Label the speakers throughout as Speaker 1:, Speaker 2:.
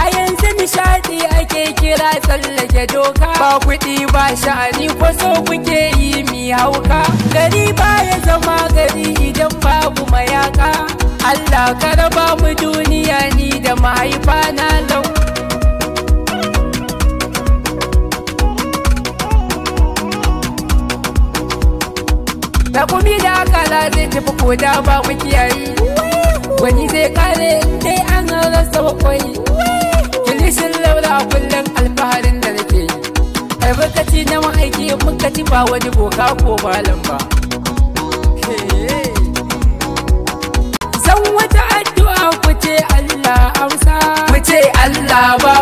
Speaker 1: A yanzu nishadi ake kira tsallake doka Ba kuɗi ba sha'ani ko kuke yi mi hauka Gari ba ya zama gari idan babu mayaka Allah ka raba mu duniya ni da mahaifa lau Takumi da akala zai tafi ko da ba kiyaye wani zai kare dai an rasa bakwai kilishin laura a kullum alfaharin da nake yi albarkaci na ma'aiki muka ci ba wani boka ko malam ba zan wata addu'a ku ce Allah amsa mu ce Allah ba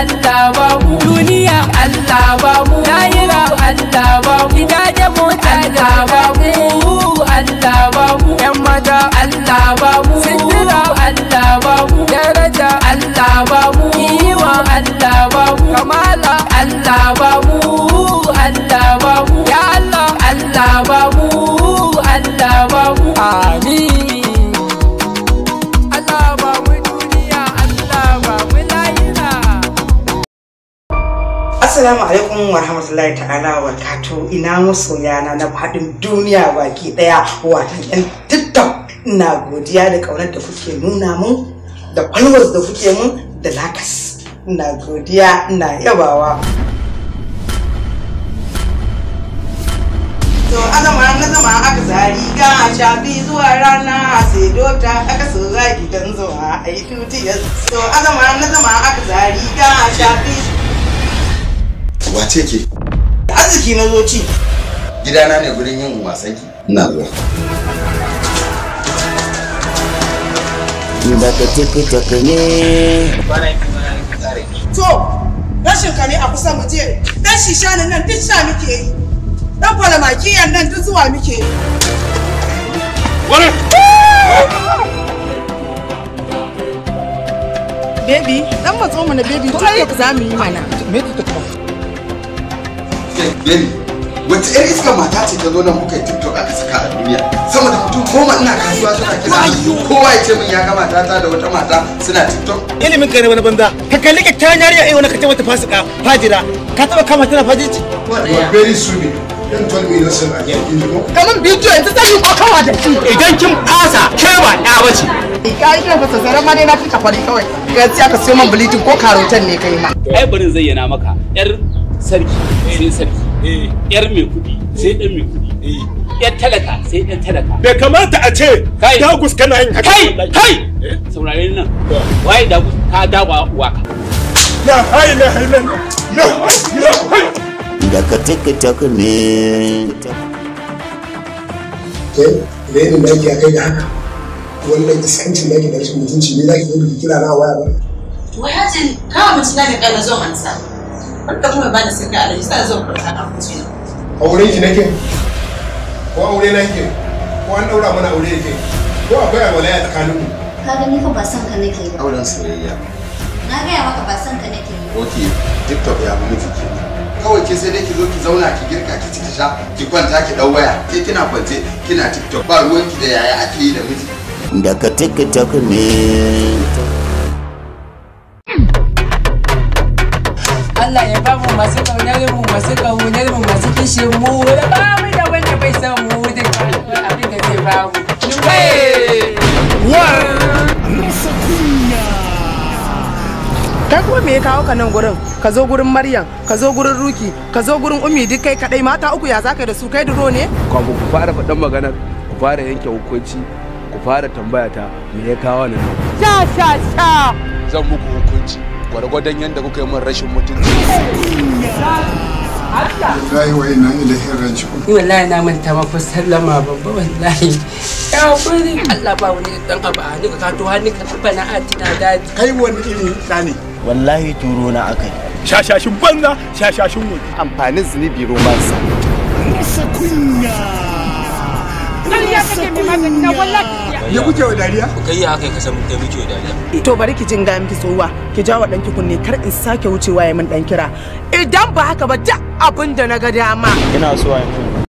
Speaker 1: Allah babu duniya Allah babu.
Speaker 2: Assalamu alaikum wa rahmatullahi ta'ala wa kato ina masoya na na faɗin duniya baki ɗaya wata ƴan tiktok ina godiya da ƙaunar da kuke nuna mun da followers da kuke mun da lakas ina godiya ina yabawa to azama na zama aka zari ga shafi zuwa rana sai dota aka so zagi dan zuwa ai tutiyar to azama na zama aka zari ga shafi ce ke arziki na zo ci gidana ne gurin yin wasanki ina zuwa ni ka tafi tafi ne to rashin ka ne a kusa mu je dan shishanin nan duk sha muke yi dan yan nan duk zuwa muke yi wani Baby, dan matso mana baby, tun yau za mu yi mana. Me ta Beni, wace ƴar mata ce ta zo nan muka yi TikTok aka saka a duniya? Sama da mutum goma ina kasuwa suna kira kowa ya ce min ya ga ta da wata mata suna TikTok. Ilimin kai eh, wani ka kalli wani ka mata fasika fajira, ka taɓa kama tana fajici? Very soon. Don't tell me yourself again. Kaman bidiyo yanzu sai kawa da shi. Idan kin ke ba ɗa Ka yi kira fasa ma dai na fi kafa kawai. Gaskiya ka siyo man ko karotan ne kai ma. Ai barin zayyana maka. 'Yar sarki eh. sai sarki eh. yar mai kudi sai dan mai kudi eh. yar talaka sai dan talaka bai kamata a ce dagus kana yin haka kai kai saurare nan waye dagus ka dawa waka la hay la hay la la ya hay da ka take take ne ke ne ne da ya kai da haka wannan iskancin da ke da rashin mutunci ne zaki zo kira na waya ba waya ka mutunta da kana zo ansa Farka kuma ba da sirka alaji sa zuwa farka na kuce na. Aure shi nake? Ko aure na yake? Ko an daura mana aure yake? Ko akwai alwalaya tsakanin mu? Ka gani fa ba san ka nake ba. Auren soyayya. Na gaya maka ba san ka nake ba. okay TikTok ya mu miji ke. Kawai ke sai dai ki zo ki zauna ki girka ki ci ki sha ki kwanta ki dau waya ke kina kwance kina TikTok ba ruwanki da yaya ake yi da miji. Daga TikTok ne.
Speaker 1: Allah ya ba mu masu kaunar mu masu kaunar mu masu kishin mu da ba mu da wanda bai
Speaker 2: san mu duk abin da zai ba mu kai kuma me ya kawo ka nan gurin ka zo gurin maryam ka zo gurin ruki ka zo gurin umi duk kai kadai mata uku ya zaka da su kai duro ne ku fara faɗan maganar ku fara yanke hukunci ku fara tambaya ta me ya kawo nan
Speaker 1: sha sha sha
Speaker 2: zan muku hukunci gwargwadon yadda kuka yi min rashin mutunci wallahi wa ina ilahin rajiun
Speaker 1: wallahi na manta
Speaker 2: ma fa sallama babba
Speaker 1: wallahi ya bari Allah ba wani dan abu a nika kato har nika bana atina daji
Speaker 2: kai wani irin tsani wallahi turo na akai shashashin banza shashashin wani amfanin zunubi romansa rasa kunya rasa kunya ya kuke wa dariya kai ya kai kasan kai muke wa dariya to bari ki jin ga miki tsowa ki jawo danki kunne kar in sake wucewa ya min dan kira idan ba haka ba duk abin da na ga dama ina so a